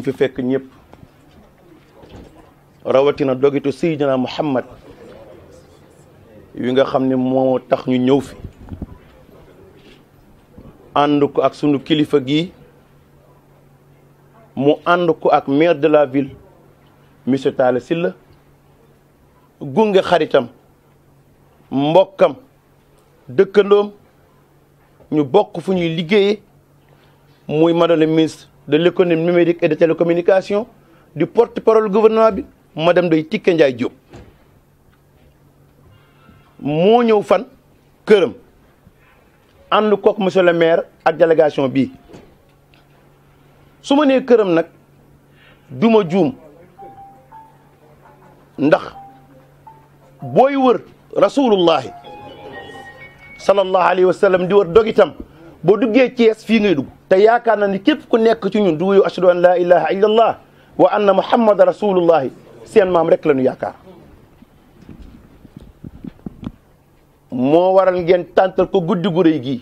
ñi fi fekk ñëpp rawatina dogitu Seydina Muhammad wi nga xam ni moo tax ñu ñëw fi ànd ko ak sunu kilifa gi mu ànd ko ak maire de la ville monsieur Talla Sylla gunge xaritam mbokkam dëkkandoom ñu bokk fu ñuy liggéeyee muy madame le de l'économie numérique et de télécommunication du porte-parole gouvernement bi madame Ndeye Tické Ndiaye Diop moo ñëw fan këram ànd kook monsieur le maire ak délégation bi su ma nee këram nag duma juum ndax booy wër rasulullahi sallallahu alayhi wa sallam di wër dog boo duggee Thiès fii ngay dugg te yaakaar na ni képp ku nekk ci ñun du wuyu ashhadu an laa ilaha illa allah wa anna muhammada rasulullahi seen maam rek la ñu yaakaar moo waral ngeen tàntal ko guddi gu rëy gii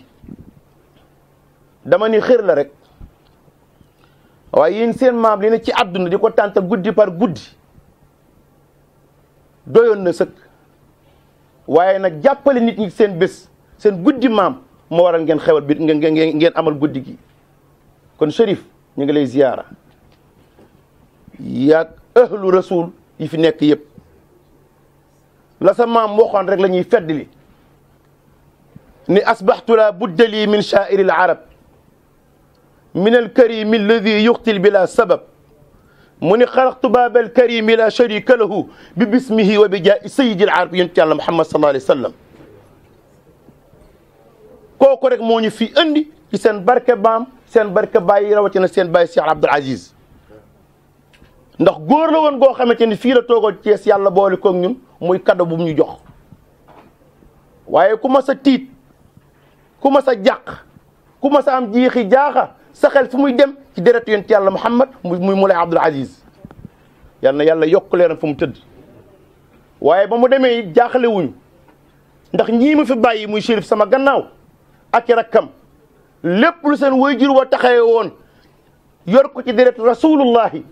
dama ni xër rek waaye yéen seen maam li ne ci àdduna di ko tàntal guddi par guddi doyoon na sëkk waaye nag jàppale nit ñi seen bés seen guddi maam moo waral ngeen xewal bi ngeen ngeen amal guddi gi kon shérif ñu ngi lay ziyaara yaag ahlu rasul yi fi nekk yëpp la sa maam waxoon rek la ñuy feddli ni asbaxtu laa budda lii min shaairi l arab min alkarimi alladi yuxtil bila sabab mu ni xalaqtu baabal karimi la sharika lahu bi bismihi wa bi jaahi sayidi l arab yonent yàlla muhammad sallallahu alayhi wa sallam kooku rek moo ñu fi andi ci seen barke baam seen barke bàyyi rawatina seen si Cheikh Abdoul Aziz ndax góor la woon goo xamante ni fii la toogoon Cees yàlla boole koog ñun muy cadeau bu mu ñu jox waaye ku ma sa tiit ku ma sa jàq ku ma sa am jiixi jaaxa sa xel fu muy dem ci deretu yonent yàlla Muhammad muy Moulay Abdoul Aziz yal na yàlla yokk leen fu mu tëdd waaye ba mu demee jaaxle wuñu ndax ñii mu fi bàyyi muy shérif sama gannaaw ak i rakkam lépp lu seen waajur wa taxawee woon yor ko ci deret rasulullahi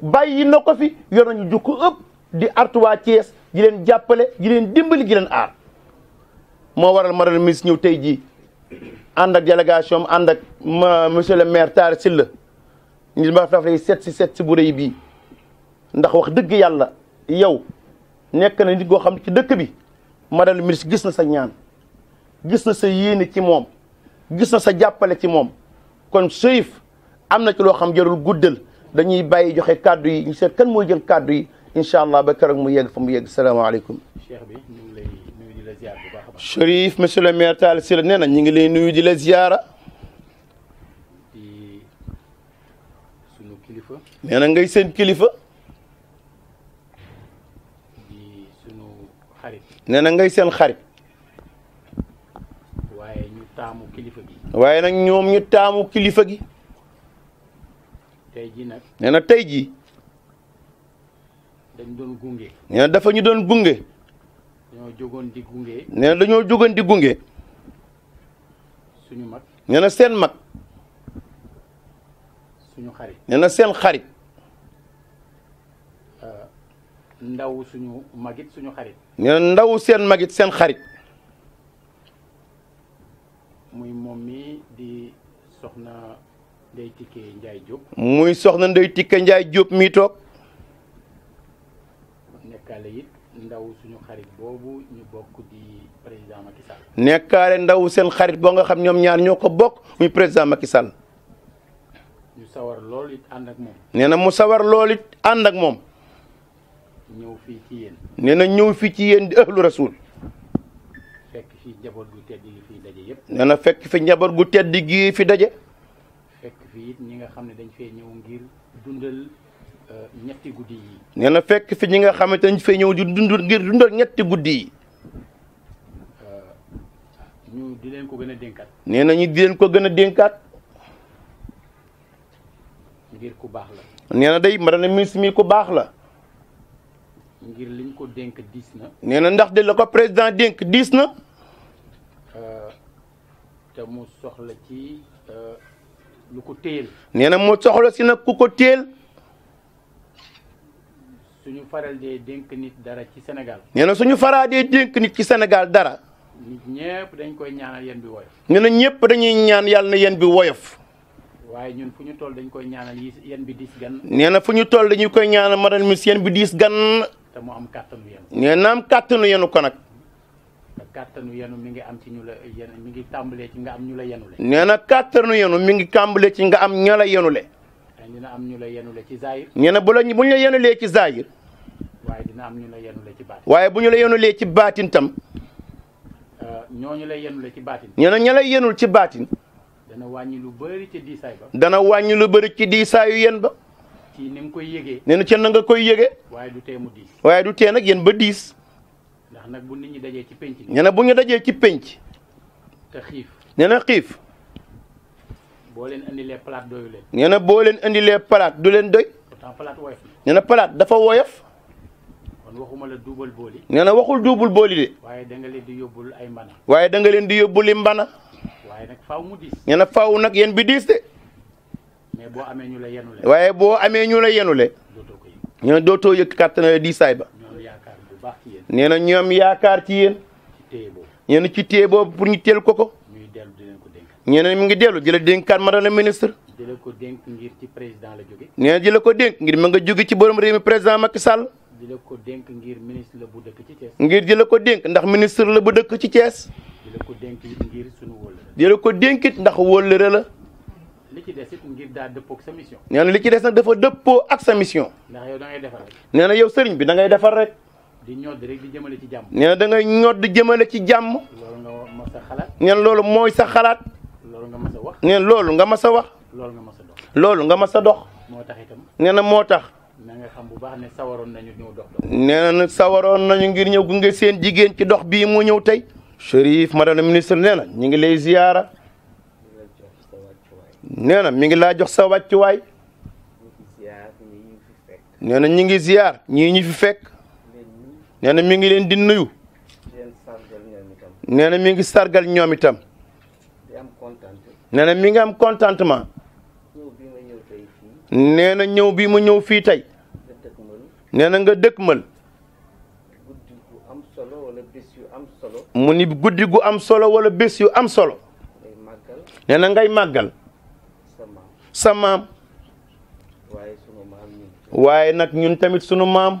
bàyyi na ko fi yor nañu jukko ëpp di artuwaa Thiès ji leen jàppale ji leen dimbali ji leen aar moo waral madame miss ñëw tey jii ànd ak délégation am ànd ak monsieur le maire Talla Sylla ñu ma daf lay seet si seet si bu rëy bi ndax wax dëgg yàlla yow nekk na nit goo xam ci dëkk bi madame miss gis na sa ñaan gis na sa yéene ci moom gis na sa jàppale ci moom kon Cherif am na ci loo xam jarul guddal dañuy bàyyi joxe kàddu yi ñu seet kan mooy jël kàddu yi incha allah ba keroog mu yegg fa mu yegg salaamaaleykum. Cheikh bi ñu ngi lay nuyu di a baax. Cherif monsieur le maire Talla Sylla ñu ngi lay nuyu di la ziara. di sunu kilifa. nee ngay seen kilifa. di sunu xarit. na ngay seen xarit. waaye kilifa gi. waaye nag ñoom ñu taamu kilifa gi. tey jii nag nee na tey jii. dañ doon gunge. nee dafa ñu doon gunge. dañoo jógoon gunge. nee dañoo jógoon di gunge. suñu mag. nee seen mag. suñu xarit. nee seen xarit. Euh, ndaw suñu magit suñu xarit. nee ndaw seen magit seen xarit. moom mi di soxna Ndeye Tické Ndiaye Diop. muy soxna Ndeye Tické Ndiaye Diop mi toog. nekkaale it ndaw suñu xarit boobu ñu bokk di président Macky Sall. nekkaale ndaw seen xarit boo nga xam ñoom ñaar ñoo ko bokk muy président Macky Sall. ñu sawar lool it ànd ak moom. nee na mu sawar lool it ànd ak moom. ñëw fii ci yéen. nee na ñëw fii ci yéen di ëhlu rasul. nee na fekk fi njaboot gu tedd gii fi daje. fekk ñi nga xam ne dañ fee ñëw ngir dundal euh, ñetti guddi yi. nee na fekk fi ñi nga xamante dañ fee ñëw di dund ngir dundal ñetti guddi yi. Euh, ñu di leen ko gën a dénkaat. nee na ñu di leen ko gën a dénkaat. ngir ku baax la. nee na day madame la ministre mi ku baax la. ngir liñ ko dénk diis na. nee na ndax de la ko président dénk diis na. te mu soxla ci euh, lu ko téel. nee na mu soxla si nag ku ko téel. suñu faral dee dénk nit dara ci senegal nee na suñu faral dee dénk nit ci senegal dara. nit ñëpp dañ koy ñaanal yéen bi woyof. nee na ñëpp dañuy ñaan yàlla na yéen bi woyof. waaye ñun fu ñu toll dañ koy ñaanal yéen bi diis gan. nee na fu ñu toll dañuy koy ñaanal madame Miss yéen bi diis gan. te mu am kàttanu yéen. nee kàttanu yéenu ko nag. kàttanu yenu mi ngi am ci ñu la yenu mi ngi tàmbalee ci nga am ñu la yenule. nee na kàttanu yenu mi ngi ci nga am ña la yenule. dina am ñu la yenule ci zaahir. nee na bu la bu ñu la yenulee ci dina am ñu la yenulee ci baatin. waaye bu ñu la yenulee ci baatin tam. Euh, ñooñu la yenule ci baatin. nee na yenul ci baatin. dana wàññi lu bëri ci diisaay dana wàññi lu bëri ci diisaayu yéen ba. ci ni nga koy yëgee. koy yëgee. waaye du tee mu diis. waaye du tee nag yéen ba diis. ndax nag bu nit ñi dajee ci penc. nee na bu ñu dajee ci penc. te xiif. nee xiif. boo leen indilee palaat doyu leen. nee boo leen indilee palaat du leen doy. pourtant palaat woyof na. palaat dafa woyof. kon waxuma la duubal booli. nee na waxul duubal booli de. waaye danga leen di yóbbul ay mbana. waaye da nga leen di yóbbuli mbana. waaye nag faaw mu diis. nee nag yéen bi diis de. boo amee ñu la yenule. waaye boo amee ñu la yenule. dootoo ko dootoo yëg kàttan diisaay ba. nee na ñoom yaakaar ci yéen nee na ci téye boobu pour ñu teel ko ko nee na mi ngi dellu di la dénkaat madame la ministre jële ko dénk ngir ci président la jóge na jële ko dénk ngir ma nga jóge ci borom réew mi président Macky Sall jële ko dénk ngir ministre la bu dëkk ci Thiès ngir jële ko dénk ndax ministre la bu dëkk ci Thiès jële ko dénk ngir sunu wóllëre jële ko dénkit ndax wóllëre la li ci des it ngir daa dëppoo li ci des nag dafa dëppoo ak sa mission ndax yow da sëriñ bi da defar rek di ñodd rek di jëmale ci jàmm. nee da ngay ñodd jëmale ci jàmm. loolu a xalaat. nee loolu mooy sa xalaat. loolu wax. nee loolu nga mas a wax. loolu nga mas a dox. loolu nga mas a dox. moo tax itam. nee na moo tax. xam bu baax ne sawaroon nañu ñëw dox dox. sawaroon nañu ngir ñëw gunge seen jigéen ci dox bii mu ñëw tey. Chérif madame ministre nee na ñu ngi lay ziyaara. nee na mi ngi laa jox sa wàccuwaay. nee na ñu ngi ziyaar ñi ñu fi fekk. nee na mi ngi leen di nuyu. nee na mi ngi sargal ñoom itam. nee na mi ngi am contentement. nee na ñëw bi mu ñëw fii tey. nee na nga dëkkmal. mu ni guddi gu am solo wala bés yu am solo. nee ngay màggal. sa maam. waaye nag ñun tamit sunu maam.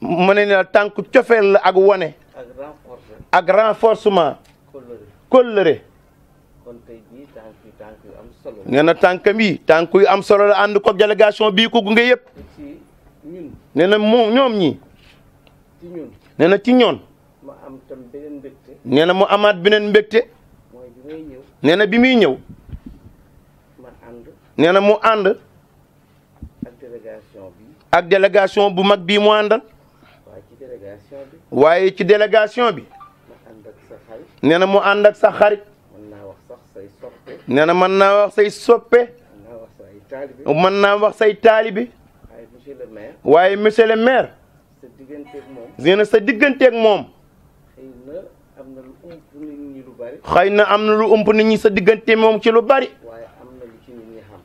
mu ne la tànk cofeel la ak wane ak renforcement kóllëre nee na tànkam yi tànk yu am solo la ànd ko délégation bii ko gunge yëpp nee na ñoom ñi nee na ci ñoon nee na mu amaat beneen mbégte nee bi muy ñëw nee na mu ànd ak délégation bu mag bii mu àndal waaye ci délégation bi nee na mu ànd ak sa xarit nee na mën naa wax say soppe mën naa wax say taalibi waaye monsieur le maire nee na sa digganteeg moom xëy na am na lu ëmp nit ñi sa diggante moom ci lu bari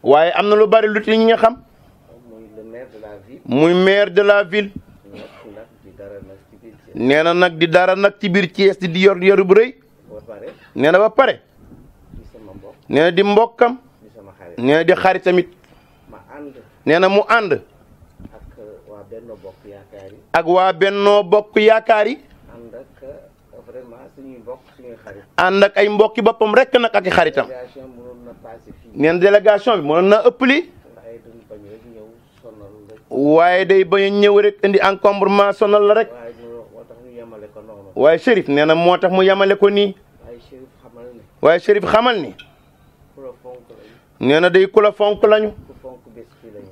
waaye am na lu bari lu ci nit ñi xam muy maire de la ville nee na nag di dara nag ci biir Thiès di yor yor bu rëy nee na ba pare nee na di mbokkam nee na di xarit tamit nee na mu ànd ak euh, waa Bennoo Bokk Yaakaar yi ànd ak ay mbokki boppam rek nag ak i xaritam nee na délégation bi mënoon na ëpp li waaye day bañ a ñëw rek indi encombrement sonal la rek. waaye Chérif nee moo tax mu yemale ko nii waaye Chérif xamal ni nee na day ku fonk lañu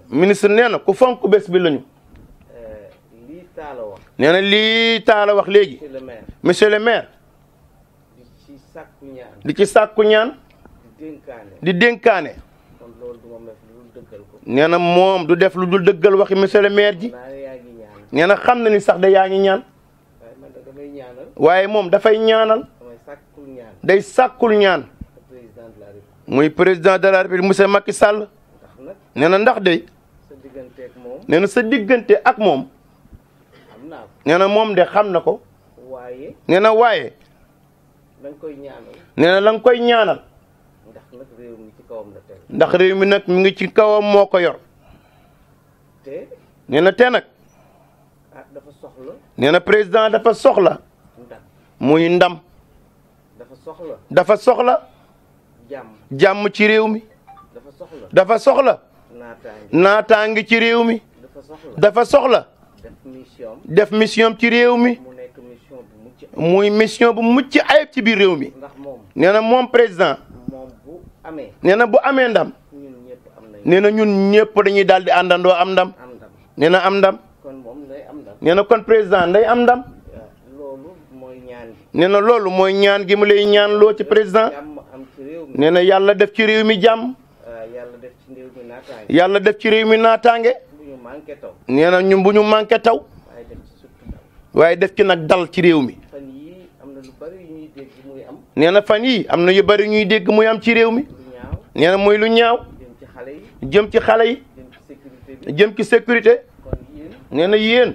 ministre nee na ku fonk bés bi lañu eh, nee na lii taala wax léegi monsieur le maire di ci sàkku ñaan di dénkaane nee moom du def lu dul dëggal waxi monsieur le maire ji nee xam na ni sax da yaa ngi ñaan waaye moom dafay ñaanal day sàkkul ñaan muy président de la république monsieur Macky Sall nee na ndax de nee na sa diggante ak moom nee na moom de xam na ko nee na waaye nee na la nga koy ñaanal ndax réew mi nag mi ngi ci kawam moo ko yor nee na te nag ah, nee na président dafa soxla. muy ndam dafa soxla dafa soxla jàmm ci réew mi dafa soxla dafa soxla naataangi ci réew mi dafa soxla def mission ci réew mi muy mission bu mucc ayib ci biir réew mi nee na moom président nee na bu amee ndam nee na ñun ñëpp dañuy daal di àndandoo am ndam nee na am ndam nee na kon président nday am ndam nee na loolu mooy ñaan gi mu lay ñaan loo ci président nee na yàlla def ci réew mi jàmm ah, yàlla def ci réew mi naataange nee na ñun bu ñu manqué taw waaye def ci nag dal ci réew mi nee na fan yi am na yu bari ñuy dégg muy am ci réew mi nee na muy lu ñaaw jëm ci xale yi jëm ci sécurité nee yéen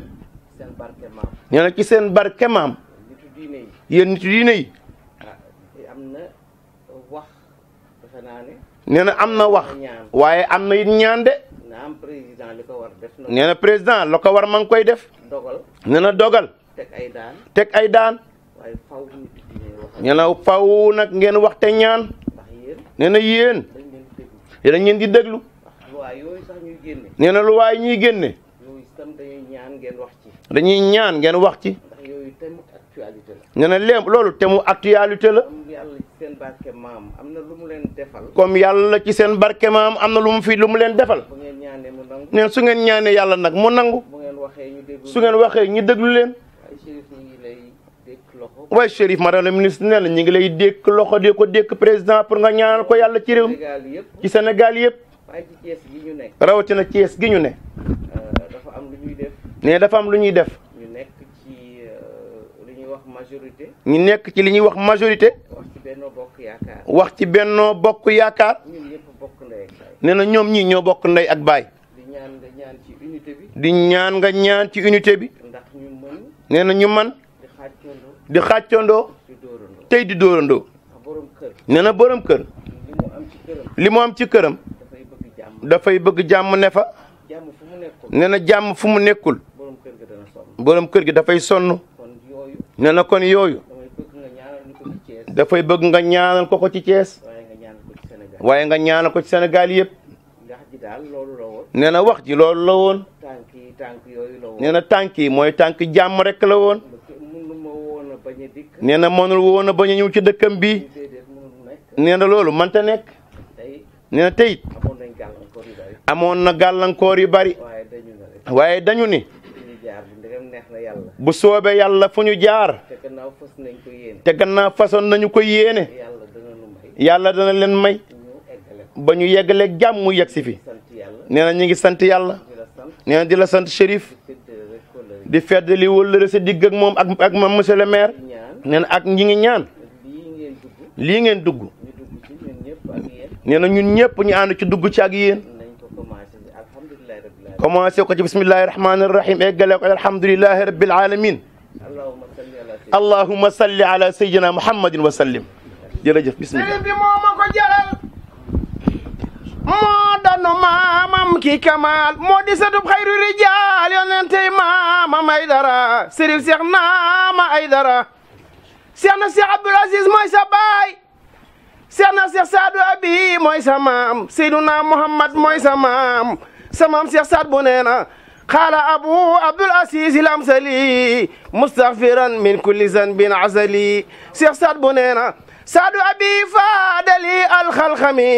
nee ci seen barke maam diine yi. yéen nitu diine yi. Ah, am na wax defe ne. am na wax. waaye am na it ñaan de. naam président li ko war def. président la ko war ma ngi koy def. dogal nee dogal. teg ay daan teg ay daan. waaye faw na nag ngeen wax te ñaan. nee na yéen. di déglu. nee lu waay ñuy génne. dañuy ñaan ñaan ngeen wax ci. actualité la. ñu ne léem loolu te mu actualité la. comme yàlla ci seen barke maam am na lu mu leen defal. comme yàlla ci seen barke maam am na lu mu fi lu mu leen defal. bu ngeen ñaanee mu nangu. neen su ngeen ñaanee yàlla nag mu nangu. bu ngeen waxee su ngeen waxee ñu déglu leen. waaye Chérif madame la ministre nee na ñu ngi lay dékk loxo di ko dékk président pour nga ñaanal ko yàlla ci réew mi ci Sénégal yëpp. waaye ci Thiès gi ne. rawatina Thiès gi ñu ne. Euh, dafa am lu ñuy def. ñu nekk ci li ñuy wax majorité. wax ci bennoo bokk yaakaar. nee na ñoom ñi ñoo bokk ndey ak baay. di ñaan nga ñaan ci unité bi. nee na ñu man di xàccandoo. tey di dóorandoo. nee na borom kër. li mu am ci këram. dafay bëgg jàmm ne fa. nee na jàmm fu mu nekkul. borom kër gi dafay sonn. nee na kon yooyu dafay bëgg nga ñaanal ko ko ci Thiès waaye nga ñaanal ko ci senegal yëpp nee na wax ji loolu la woon nee na tànk yi mooy tànk jàmm rek la woon nee na mënul woon a bañ a ñëw ci dëkkam bi nee na loolu mënta nekk nee na teyit amoon na gàllankoor yu bari waaye dañu ni bu soobee yàlla fu ñu jaar te gannaaw façon nañu koy yéene yàlla dana leen may ba ñu yeggaleeg jàmm mu si fi nee na ñu ngi sant yàlla nee na sant Chérif di fedd li wëllëre sa digg moom ak ak ma monsieur le maire ak ñi ngi ñaan lii ngeen dugg nee na ñun ñu ànd ci dugg ci ak yéen. commencé ko ci bismillahi rahmani rahim eggale ko alhamdulilahi rabbil alamin allahumma salli ala sayyidina muhammadin wa sallim jërëjëf bismillah sëriñ bi moo ma ko jaral moo danu maamam ki kamaal moo di satub xayru rijaal yonentey maamam ay dara sëriñ seex naama ay dara seex na seex abdul aziz mooy sa baay seex na seex saadu abi mooy sa maam seyduna muhammad mooy sa maam sa maam Cheikh Saad bu nee na xaala abu abdul asis il am sali mustaghfiran min kulli zanbin azali Cheikh Saad bu nee na saadu abi faadali alxalxami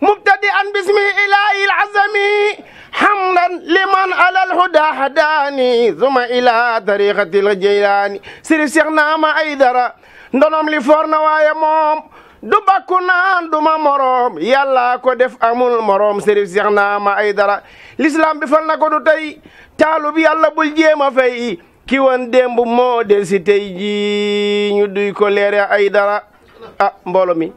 mubtadi an bismi ilahi alazami hamdan liman ala alhuda hadani zuma ila tariqati aljilaani sirif Cheikh Naama Aydara ndonom li foor na waaye moom du bakku naan du ma moroom yàlla ko def amul moroom sérif seex naa ma ay dara lislaam bi fal na ko du tey taalub yàlla bul jéem a fay ki woon démb moo del si tey ji ñu duy ko leere ay dara ah mboolo mi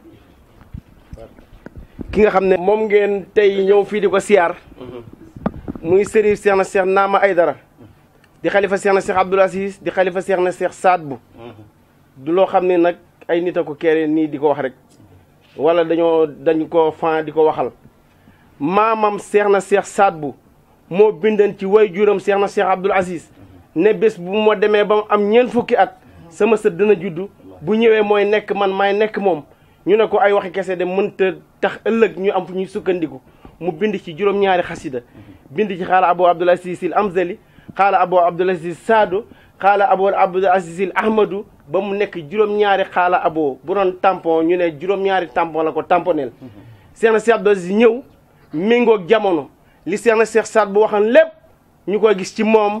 ki nga xam ne moom ngeen tey ñëw fii di ko siyaar muy sérif seex na seex naa ma ay dara di xalifa seex na seex abdul asiis di xalifa seex na seex saad bu mm-hmm. du loo xam ne nag ay nita ko kere nii di ko wax rek wala dañoo dañ ko fan di ko waxal maamam seex na seex saatbu moo bindan ci way juram seex na seex abdul aziz ne bés bu moo demee ba mu am ñeent fukki at sama sët dana juddu bu ñëwee mooy nekk man may nekk moom ñu ne ko ay waxi kese de mënta tax ëllëg ñu am fu ñuy sukkandiku mu bind ci juróom-ñaari xasida bind ci xaala abou abdul aziz il amzali xaala abou abdul aziz saado xaala aboo abdul aziz ahmadu ba mu nekk juróom-ñaari xaala aboo bu doon tampon ñu ne juróom-ñaari tampon la ko tamponeel seex na seex abdul aziz ñëw méngoog jamono li seex na seex saat bu waxan lépp ñu ko gis ci moom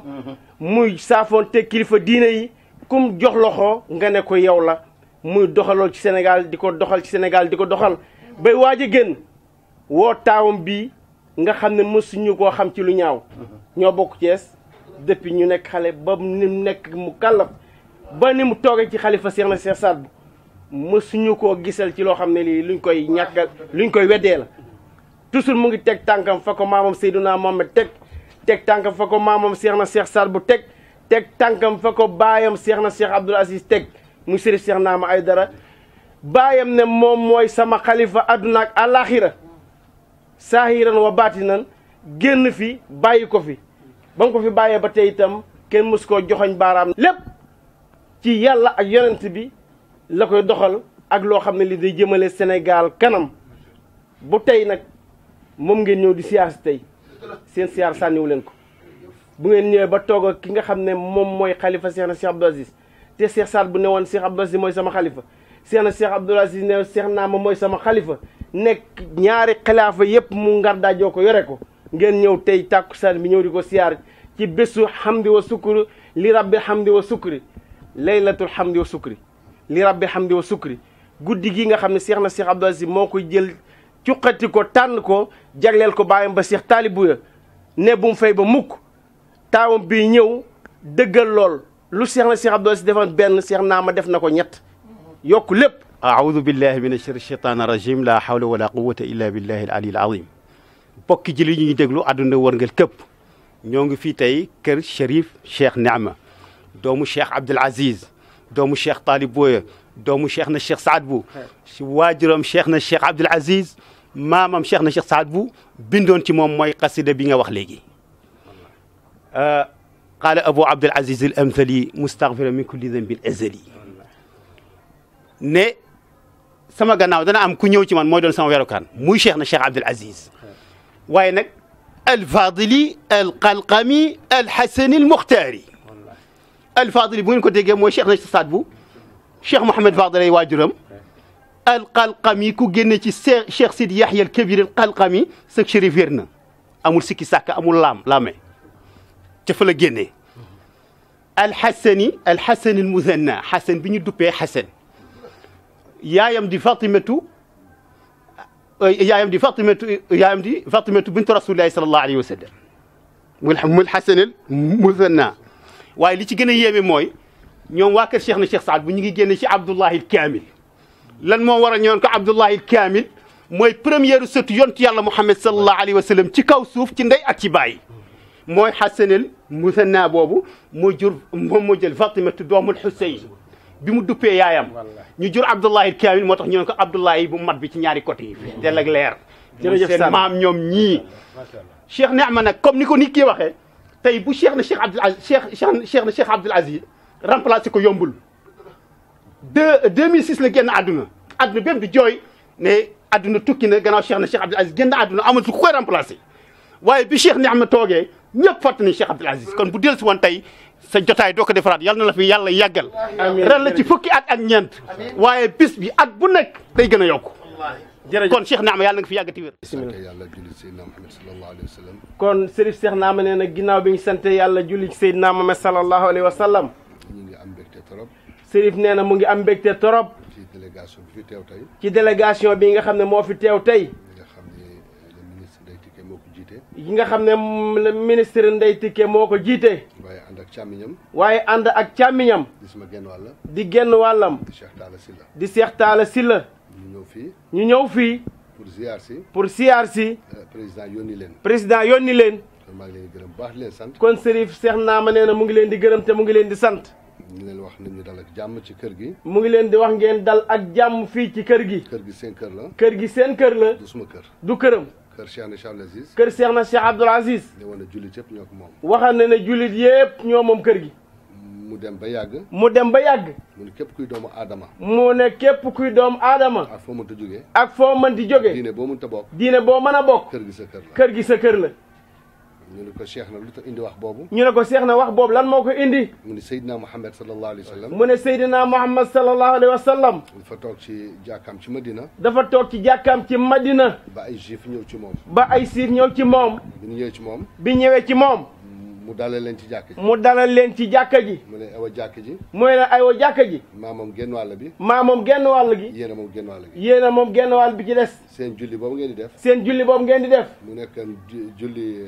muy saafoon te kilifa diine yi kum jox loxo nga ne ko yow la muy doxalool ci Sénégal di ko doxal ci Sénégal di ko doxal bay waaj a woo taawam bi nga xam ne mësuñu koo xam ci lu ñaaw ñoo bokk Cees depuis ñu nekk xale ba mu nekk mu kàllaf ba ni mu toogee ci xalifa Seex na Seex Saad Bou mësuñu ko gisal ci loo xam ne lii luñ koy ñàkkal luñ koy weddee la toujours mu ngi teg tànkam fa ko maamam Seydunaa Muhammad teg teg tànkam fa ko maamam Seex na Seex Saad Bou teg teg tànkam fa ko baayam Seex na Seex Abdul Aziz teg mu Sëriif Seex naa ma ay dara baayam ne moom mooy sama xalifa àdduna ak àllaaxira saahiran wa baatinan génn fi bàyyi ko fi ba mu ko fi bàyyee ba tey itam kenn mës koo joxoñ baaraam lépp ci yàlla ak yonent bi la koy doxal ak loo xam ne lii day jëmale senegaal kanam bu tey nag moom ngeen ñëw di siyaar tey seen siyaar sànniwu leen ko bu ngeen ñëwee ba toog ak ki nga xam ne moom mooy xalifa Seex na Seex te Seex Saad bu ne woon Seex Abdul mooy sama xalifa Seex na Seex Abdul Aziz ne Seex naa ma mooy sama xalifa nekk ñaari xilaafa yépp mu ngar daajoo ko yore ko ngeen ñëw tey tàkkusaan bi ñëw di ko siyaar ci bésu xamdi wa sukkur li rabbi xamdi wa sukri laylatul xamdi wa sukri li rabbi xamdi wa sukri guddi gi nga xam ne seex na seex Abdou Aziz moo koy jël cuqati ko tànn ko jagleel ko bàyyam ba seex taalibu ya ne bu mu fay ba mukk taawam bi ñëw dëggal lool lu seex na seex Abdou Aziz benn seex naa ma def na ko ñett yokku lépp aoudu billahi min ashari shaytaan rajim la hawla wala quwata illa billahi al ali al azim bokki ji li ñuy déglu àdduna wërngal képp ñoo ngi fii tey kër Cherif Cheikh Niama doomu Cheikh Abdoul Aziz doomu Cheikh Talib Boye doomu Cheikh na Cheikh Saad Bou waajuram Cheikh na Cheikh Abdoul Aziz maamam Cheikh na Cheikh Saad Bou bindoon ci moom mooy xasida bi nga wax léegi euh, qaala abou Abdoul Aziz al amthali mustaghfiran min kulli dhanbin azali ne sama gannaaw dana am ku ñëw ci man mooy doon sama werukaan muy Cheikh na Cheikh Abdoul Aziz waaye nag alfadili alqalqami alxasani almuxtaari alfadili bu ngeen ko déggee mooy cheikh na saad bu cheikh Mouhamed Fadel ay waajuram alqalqami ku génne ci cheikh Sidi Yahya alkabir alqalqami sa chérif wér na amul sikki sàkk amul laam laame ca fa la génnee alxasani alxasani almusanna xasan bi ñu duppee xasan yaayam di fatimatu Euh, yaayam di Fatimatu euh, yaayam di Fatimatu bintu rasulillahi sallallahu alayhi wa sallam mul mul xasanil musanna waaye li ci gën a yéeme mooy ñoom waa kër Cheikh na Cheikh Saad bu ñu ngi génne ci Abdullahil Kaamil lan moo war a ñëwoon ko Abdullahil Kaamil mooy première sëtu yontu yàlla Muhammad sallallahu alayhi wa sallam ci kaw suuf ci ndey ak ci baay mooy xasanil musanna boobu moo jur moom moo jël Fatimatu doomul Xuseyn bi mu duppee yaayam ñu jur Abdullahi Kaamil moo tax ñu ne ko Abdullahi bu mat bi ci ñaari côté yi fees dell ak leer jërëjëf seen maam ñoom ñii Cheikh Neama nag comme ni ko ni ki waxee tey bu Cheikh na Cheikh Abdul Aziz Cheikh Cheikh na Cheikh Abdul Aziz remplacé ko yombul deux 2006 la génn àdduna àdduna bépp di jooy ne àdduna tukki na gannaaw Cheikh na Cheikh Abdul Aziz génn àdduna amatu ku koy remplacé waaye bi Cheikh Neama toogee ñëpp fàttali nañu Cheikh Abdul Aziz kon bu dellusi woon tey sa jotaay doo ko defaraat yal na la fi yàlla yàggal ren la ci fukki at ak ñeent waaye bis bi at bu nekk day gën a yokk kon Cheikh Naama yàlla nga fi yàggati wér kon Serif Cheikh Naama nee na ginnaaw bi ñu sant yàlla julli ci Seydina Muhammad sallallahu alayhi wa sallam ñu ngi am mbégte torop Serif nee na mu ngi am mbégte torop ci délégation bi nga xam ne moo fi teew tey yi nga xam ne ministre Ndeye Tické moo ko jiite. waaye ànd ak càmmiñam. waaye ànd ak càmmiñam. di genn wàll. di genn wàllam. Cheikh Talla Sylla. di Cheikh Talla Sylla. ñu ñëw fii. ñu ñëw fii. pour ziar si. pour ziar si. Euh, président yónni leen. leen. kon maa ngi leen di gërëm baax leen sant. kon Serif Cheikh Naama nee na mu ngi leen di gërëm te mu ngi leen di sant. mu ngi leen wax nit ñu dal ak jàmm ci kër gi. mu leen di wax ngeen dal ak jàmm fii ci kër gi. kër gi seen kër la. kër gi seen kër la. suma kër. du këram. kër Cheikh na Cheikh Abdoul Aziz. na Cheikh Abdoul Aziz. ne woon na jullit yëpp ñoo moom. ne jullit yëpp ñoo moom kër gi. mu dem ba yàgg. mu dem ba yàgg. mu ne képp kuy doomu aadama. mu ne képp kuy doomu aadama. ak foo mënti jógee. ak foo mënti jóge diine boo mënta bokk. diine boo mën a bokk. kër gi sa kër kër gi sa kër la. ñu ne ko Cheikh na lu tax wax boobu ñu ne ko Cheikh na wax boobu lan moo ko indi mu ne Seydina Mouhamed sallallahu alayhi wa sallam mu ne Seydina Mouhamed sallallahu alayhi wa sallam dafa toog ci jàkkaam ci Madina dafa toog ci jàkkaam ci Madina ba ay juif ñëw ci moom ba ay juif ñëw ci moom bi ñu ñëwee ci moom bi ñëwee ci moom mu dalal leen ci jàkka ji mu dalal leen ci jàkka ji mu ne aywa jàkka ji mu ne aywa jàkka ji maa moom genn wàll bi maa moom genn wàll gi yéen a moom genn wàll yéen moom genn wàll bi ci des seen julli ngeen di def seen julli boobu ngeen di def mu nekk julli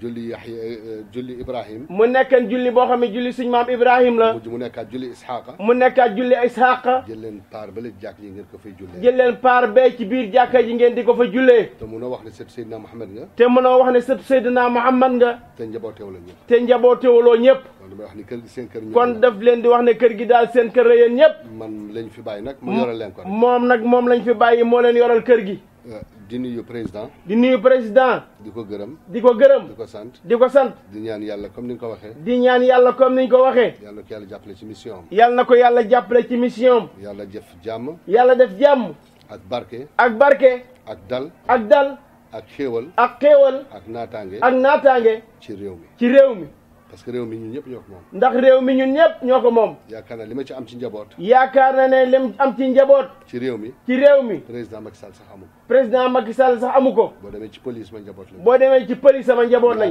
julli Yaxya eh, eh, julli Ibrahim. mu nekkan julli boo xam ne julli suñ maam Ibrahim la. mu nekkaat julli Isxaaqa. mu nekkaat julli Isxaaqa. jël leen paar ba la jàkk yi ngeen ko fay jullee. jël leen paar bee ci biir jàkka ji ngeen di ko fa jullee. te munoo wax ne sëb Seydina Muhammad nga. te munoo wax ne sëb Seydina Muhammad nga. te njabooteewuloo ñëpp. te njabooteewuloo ñëpp. kon damay wax ni kër gi seen kër. kon def leen di wax ne kër gi daal seen kër la yéen ñëpp. man lañ fi bàyyi nag leen ko. moom nag moom lañ bàyyi moo leen yoral kër gi Euh, di nuyu président. di nuyu président. di ko gërëm. di ko gërëm. di ko sant. di sant. di ñaan yàlla comme ni nga ko waxee. di ñaan yàlla comme ni nga ko waxee. yàlla na ko yàlla jàppale ci mission am. yàlla ko yàlla jàppale ci mission yàlla def jàmm. yàlla def jàmm. ak barke. ak barke. ak dal. ak dal. ak xéewal. ak xéewal. ak naataange. ak naataange. ci réew mi ci réew mi. parce que réew mi ñun ñëpp ñoo ko moom. ndax réew mi ñun ñëpp ñoo ko moom. yaakaar na li ma ci am ci njaboot. yaakaar na ne lim am ci njaboot. ci réew mi ci réew mi. président Macky Sall sax amu président Macky Sall sax amu ko. boo demee ci police sama njaboot lañ. boo demee ci police sama njaboot lañ.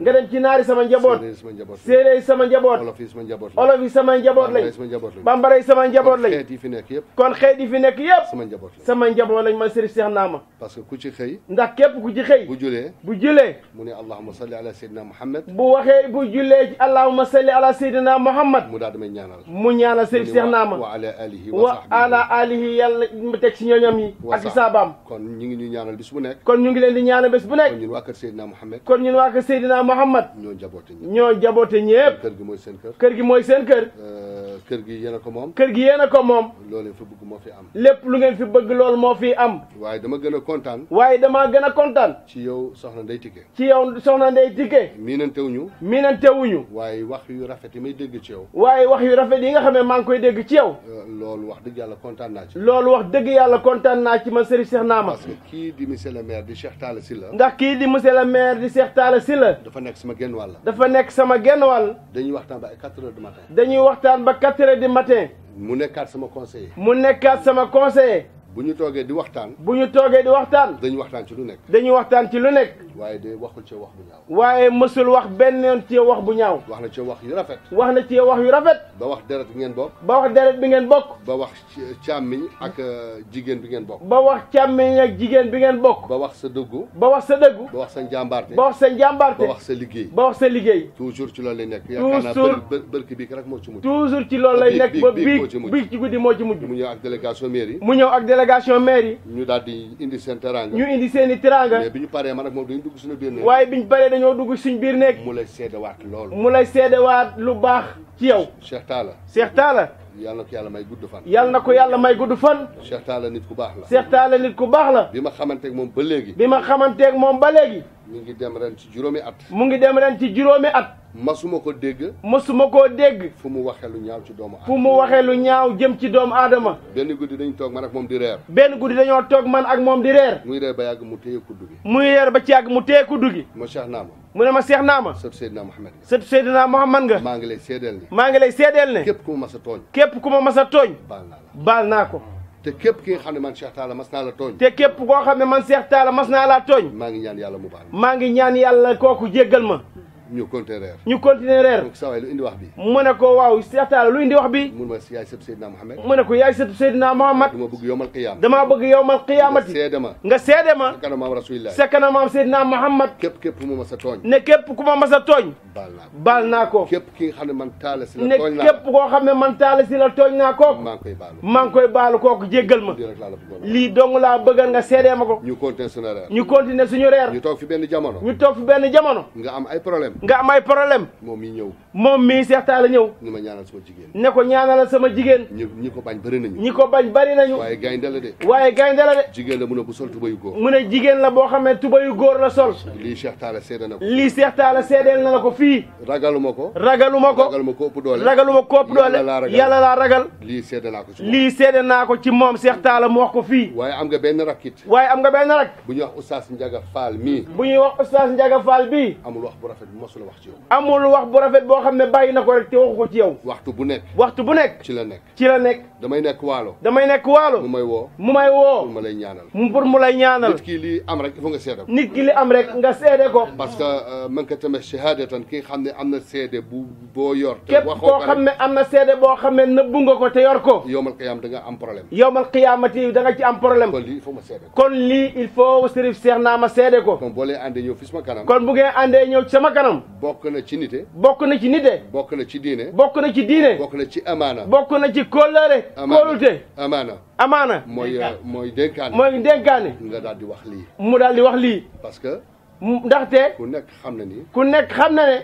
nga dem ci naari sama njaboot. séeréer yi sama njaboot. olof yi sama njaboot lañ. olof yi sama njaboot lañ. bambara yi sama njaboot lañ. xeet yi fi nekk yëpp. kon xeet yi fi nekk yëpp. sama njaboot lañ sama njaboot lañ man Serigne Cheikh Naama. parce que ku ci xëy. ndax képp ku ci xëy. bu julee bu julee. mu ne allahumma salli ala sayyidina Muhammad. bu waxee bu julee allahumma salli ala sayyidina Muhammad. mu daal damay ñaanal. mu ñaanal Serigne Cheikh Naama. wa ala alihi wa ala alihi yàlla teg si ñoñom yi ak saabaam kon ñu ngi ñu ñaanal bis bu nekk kon ñu ngi leen di ñaanal bis bu nekk kon ñun waa kër Seydina Mouhamed kon ñun waa kër Seydina Mouhamed ñoo jaboote ñëpp ñoo jaboote ñëpp kër gi mooy seen kër kër gi mooy seen kër euh, kër gi yéen a ko moom. kër gi yéen a ko moom. loolu fi bëgg moo fi am. lépp lu ngeen fi bëgg loolu moo fi am. waaye dama gën a kontaan. waaye damaa gën a kontaan. ci yow soxna Ndeye Tické. ci yow soxna Ndeye Tické. miinantewuñu. miinantewuñu. waaye wax yu rafet yi may dégg ci yow. waaye wax yu rafet yi nga xam ne maa ngi koy dégg ci yow. Euh, loolu wax dëgg yàlla kontaan naa ci. loolu wax dëgg yàlla kontaan naa ci man Serigne Cheikh Naama. ma que kii di monsieur le maire di Cheikh Talla Sylla. ndax kii di monsieur le maire di Cheikh Talla Sylla. dafa nekk sama genn wàll. dafa nekk sama genn wàll. dañuy waxtaan ba ay quatre heures quatre heures matin. mu nekkaat sama conseiller. mu nekkaat sama conseiller. bu ñu toogee di waxtaan. bu ñu toogee di waxtaan. dañu waxtaan ci lu nekk. dañu waxtaan ci lu nekk. waaye de waxul ci wax bu ñaaw. waaye mësul wax benn yoon ci wax bu ñaaw. wax na ci wax yu rafet. wax na ci wax yu rafet. ba wax deret bi ngeen bokk. ba wax deret bi ngeen bokk. wax càmmiñ ak jigéen bi ngeen bokk. ba wax càmmiñ ak jigéen bi ngeen bokk. ba wax sa dëggu. ba wax sa dëggu. ba wax sa njàmbaarte. ba wax sa njàmbaarte. ba wax sa liggéey. ba wax sa liggéey. toujours ci loolu lay nekk. toujours bërki bi rek moo ci loolu lay nekk ba bii ci guddi moo ci mujj. mu ñëw ak délégation mairie. mu ñëw ak délégation mairie. ñu daal di indi seen teranga. ñu indi seen i bi ñu paree man ak moom dugg suñu biir néeg waaye biñ baree dañoo dugg suñ biir néeg mu lay seedewaat loolu mu lay seedewaat lu baax ci yow Cheikh Talla Cheikh Talla yàlla na ko yàlla may gudd fan yàlla na ko yàlla may gudd fan Cheikh nit ku baax la Cheikh Talla nit ku baax la bi ma xamanteeg moom ba léegi bi ma xamanteeg moom ba léegi mu ngi dem ren ci juróomi at mu ngi dem ren ci juróomi at masuma ko dégg masuma koo dégg fu mu waxee lu ñaaw ci doomu aadama fu mu waxee lu ñaaw jëm ci doomu aadama benn guddi dañu toog man ak moom di reer benn guddi dañoo toog man ak moom di reer muy reer ba yàgg mu téye kuddu gi muy ba ci yàgg mu téye kuddu gi ma Cheikh naa mu ne ma seex naa ma sët Seydina Mouhamed nga sët Seydina Mouhamed nga maa ngi lay seedeel ne maa ngi lay seedeel ne képp ku ma mas tooñ képp ku ma mas a tooñ baal naa la baal naa ko te képp ki nga xam ne man Cheikh Talla mas naa la tooñ te képp koo xam ne man Cheikh Talla mas naa laa tooñ maa ngi ñaan yàlla mu baal maa ngi ñaan yàlla kooku jéggal ma ñu continuer ñu continuer ko saa waay wax bi. mu ne ko waaw Cheikh lu indi wax bi. mu ne ma yaay sëtu Seydina Mohamed. mu ne ko yaay sëtu Seydina Mohamed. dama bëgg yowmal qiyaam. damaa bëgg yowmal qiyaamati. nga seede ma. nga seede ma. sa kanam maam Rasulillah. sa kanam maam Seydina képp ma mës a tooñ. ne ku ma mës a tooñ. baal naa ko baal naa ko. képp ki nga xam ne man taala si xam ne man taala si la tooñ naa kooku. maa ngi koy baalu maa ngi koy baalu kooku jéggal ma. lii dong laa bëgg nga seede ma ko. ñu suñu reer. ñu toog fi benn jamono. ñu toog fi benn jamono. nga am ay problème nga am ay problème. moom mii ñëw. moom mii Cheikh Talla ñëw. ni ma ñaanal sama jigéen. ne ko ñaanalal sama jigéen. ñi ñi ko bañ bëri nañu. ñi ko bañ bari nañu. waaye gaynde la de. waaye gaynde la de. jigéen la mu ne bu sol tubayu góor. mu ne jigéen la boo xam ne tubayu góor la sol. lii Cheikh Talla seede na ko. lii Cheikh taala seedeel na la ko fii. ragaluma ko. ragaluma ko ragaluma ko ëpp doole. ragaluma ko ëpp doole yàlla laa ragal lii seede naa ko ci moom lii seede naa ko ci moom Cheikh Talla mu wax ko fii. waaye am nga benn rakk it. waaye am nga benn rakk. bu ñuy wax Oustaz Ndiaga faal mii. bu ñuy wax Oustaz Ndiaga Fall bii. amul wax bu rafet masula wax ci yow. amul wax bu rafet boo xam ne bàyyi na ko rek te waxu ko ci yow. waxtu bu nekk. waxtu bu nekk. ci la nekk. ci la nekk. damay nekk waalo. damay nekk waalo. mu may woo. mu may woo. pour mu lay ñaanal. pour mu lay ñaanal. nit ki li am rek il faut nga seede ko. nit ki li am rek nga seede ko. parce que euh, man ka tamit shahadatan ki xam ne am na seede bu boo yor. te waxoo ko képp koo xam ne am na seede boo xam ne nëbbu nga ko te yor ko. yowmal qiyaam da am problème. yowmal qiyaamati da nga ci am problème. kon lii il faut ma seede ko. kon lii il faut Serif Seex naa ma seede sama kanam. bokk na ci nite bokk na ci nite bokk na ci diine bokk na ci diine bokk na ci amaana bokk na ci kóllëre kóolute amaana amaana mooy euh, mooy dénkaane mooy dénkaane nga daal di wax lii mu daal di wax lii parce que ndaxte ku nekk xam na ni ku nekk xam na ne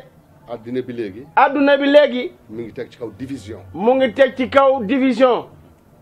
adduna bi léegi adduna bi léegi mu ngi teg ci kaw division mu ngi teg ci kaw division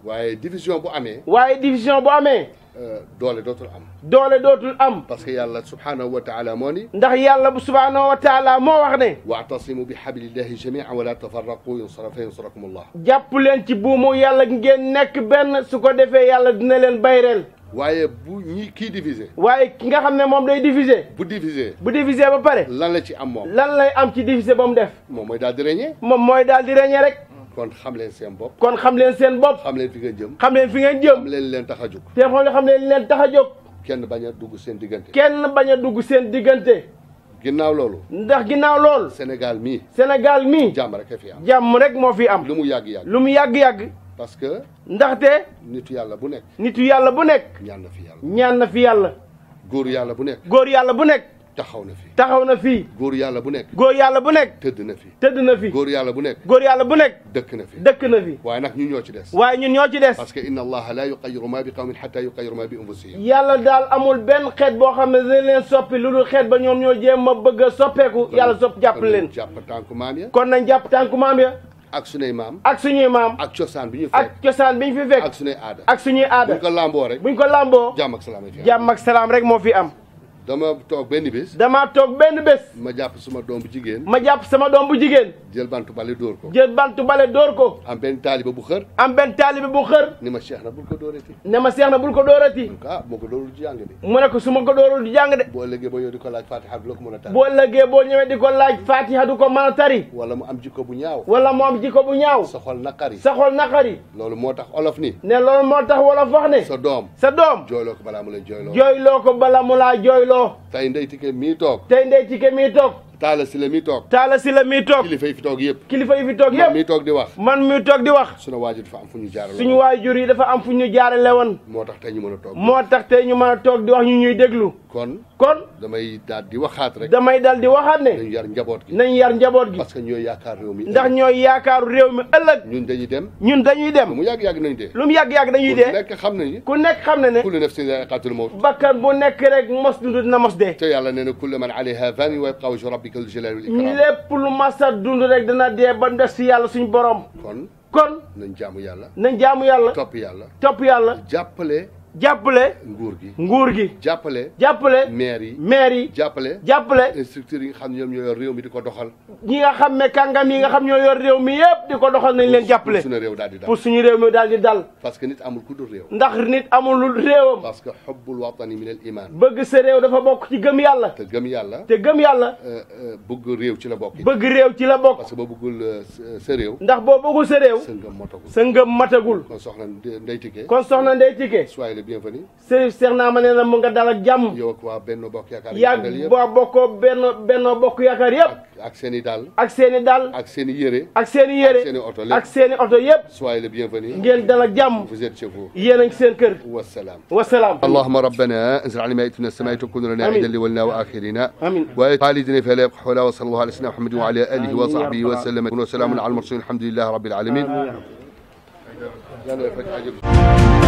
waaye division bu amee waaye division bu amee Euh, doole dootul am. doole dootul am. parce que yàlla subhaanahu wa taala moo ni. ndax yàlla bu subhaanahu wa taala moo wax ne. waatasimu bi hablillahi jamii'an a laa tafarraqu fa yansurakum allah. jàpp leen ci buumu yàlla ngeen nekk benn su ko defee yàlla dina leen bayreel. waaye bu ñi kii diviser. waaye ki nga xam ne moom day diviser. bu diviser. bu diviser ba pare. lan la ci am moom. lan lay am ci diviser ba mu def. moom mooy daal di rëññee. moom mooy daal di rëññee rek. kon xam leen seen bopp. kon xam leen seen bopp. xam leen fi ngeen jëm. xam leen fi ngeen jëm. xam leen leen tax a jóg. te xam leen leen tax a jóg. kenn bañ a dugg seen diggante. kenn bañ a dugg seen diggante. ginnaaw loolu. ndax ginnaaw lool Sénégal mii. Sénégal mii. jàmm rek fi am. jàmm rek moo fi am. lu mu yàgg yàgg. lu mu yàgg yàgg. parce que. ndaxte. nit yàlla bu nekk. nitu yàlla bu nekk. ñaan na fi yàlla. ñaan na fi yàlla. góor yàlla bu nekk. góor yàlla bu nekk. taxaw na fi taxaw na fii góor yàlla bu nekk góor yàlla bu nekk tëdd na fi tëdd na fi góor yàlla bu nekk góor yàlla bu nekk dëkk na fi dëkk na fi waaye nag ñu ñoo ci des waaye ñun ñoo ci des parce que inna allaha la yuqayiru ma bi qawmin xata yuqayiru ma bi anfusihim yàlla daal amul benn xeet boo xam ne dañ leen soppi lu lu xeet ba ñoom ñoo jéem a bëgg a soppeeku yàlla sopp jàpp leen jàpp tànku maam ya kon nañ jàpp tànku maam ya ak suñuy maam ak suñuy maam ak cosaan bi ñu ak cosaan bi fi fekk ak suñuy aada ak suñuy aada buñ ko làmboo rek buñ ko làmboo jàmm ak salaam jàmm ak salaam rek moo fi am dama toog benn bés. dama toog benn bés. ma jàpp sama doom bu jigéen. ma jàpp sama doom bu jigéen. jël bantu bale dóor ko. jël bantu bale dóor ko. am benn taalibe bu xër. am benn taalibe bu xër. ni ma seex na bul ko dóorati. ne ma seex na bul ko dóorati. ah moo ne ko su ma ko dóorul jàng de. boo ëllëgee boo ñëwee di ko laaj fatiha du la ko mën a tari. boo ëllëgee boo ñëwee di ko laaj fatiha du ko mën a tari. wala mu am jikko bu ñaaw. wala mu am jikko bu ñaaw. sa xol naqari. sa naqari. loolu moo tax olof ni. ne loolu moo tax wolof wax ne. sa doom sa doom jooyloo ko balaa mu lay jooyloo loo. tey Ndeye Tické mii toog. tey Ndeye Tické mii toog. Talla Sylla mii toog. Talla Sylla mii toog. kilifa yi fi toog yëpp. kilifa yi fi toog yëpp man mii toog di wax. man mii toog di wax. su waajur dafa fu ñu jaarale woon suñu waajur yi dafa am fu ñu jaarale woon. moo tax tey ñu mën a toog. moo tax tey ñu mën a toog di wax ñu ñuy déglu. kon kon damay daal di waxaat rek damay daal di waxaat ne nañ yar njaboot gi nañ yar njaboot gi parce que ñooy yaakaar réew mi ndax ñooy yaakaaru réew mi ëllëg ñun dañuy dem ñun dañuy dem lu mu yàgg-yàgg nañ dee lu mu yàgg-yàgg dañuy dee ku nekk xam na ni ku nekk xam na ne kullu nafsin nekk rek mos dund dina mos dee te yàlla nee na kullu man alayha fan wa yabqa wajhu rabbika zul jalaali dund rek dana dee ba des si yàlla suñ borom kon nañ jaamu yàlla nañ jaamu yàlla topp yàlla topp yàlla jàppale jàppale nguur gi nguur gi jàppale jàppale maire yi maire yi jàppale jàppale instructeurs yi nga xam ne ñoom ñoo réew mi di ko doxal ñi nga xam ne kàngam yi nga xam ñoo réew mi yëpp di ko doxal nañ leen jàppale suñu réew daal di dal pour suñu réew mi daal di dal parce que nit amul ku dul réew ndax nit amul réewam parce que hubbul watani min al iman bëgg sa réew dafa bokk ci gëm yàlla te gëm yàlla te gëm yàlla euh, euh, bëgg réew ci la bokk bëgg réew ci la bokk parce que boo bëggul euh, sa réew ndax boo bëggul sa réew sa ngëm matagul sa ngëm matagul kon soxna ndey tike kon soxna les bienvenus. Serigne Serna ma nee na mu nga dal ak jàmm. yow ak waa Benno Bokk Yaakaar yëpp yàgg boo bokkoo Benno Benno Bokk Yaakaar yëpp. ak seen i daal. ak seen i daal. ak seen i yére. ak seen i yére ak seen i oto yëpp. ak seen i oto yëpp. soyez les bienvenus. ngeen dal ak jàmm. vous êtes chez vous. yéen a ngi seen kër. wasalaam wasalaam. allahumma rabbana izra lima ituna samay tukunu lana idan li walina wa akhirina. amiin waaye xaalidina fi la yabqa xawla wa sallallahu ala sayyidina muhammadin wa ala alihi wa sahbihi wa sallam wa salaamun ala al mursalin alhamdulillahi rabbil alamin. yàlla na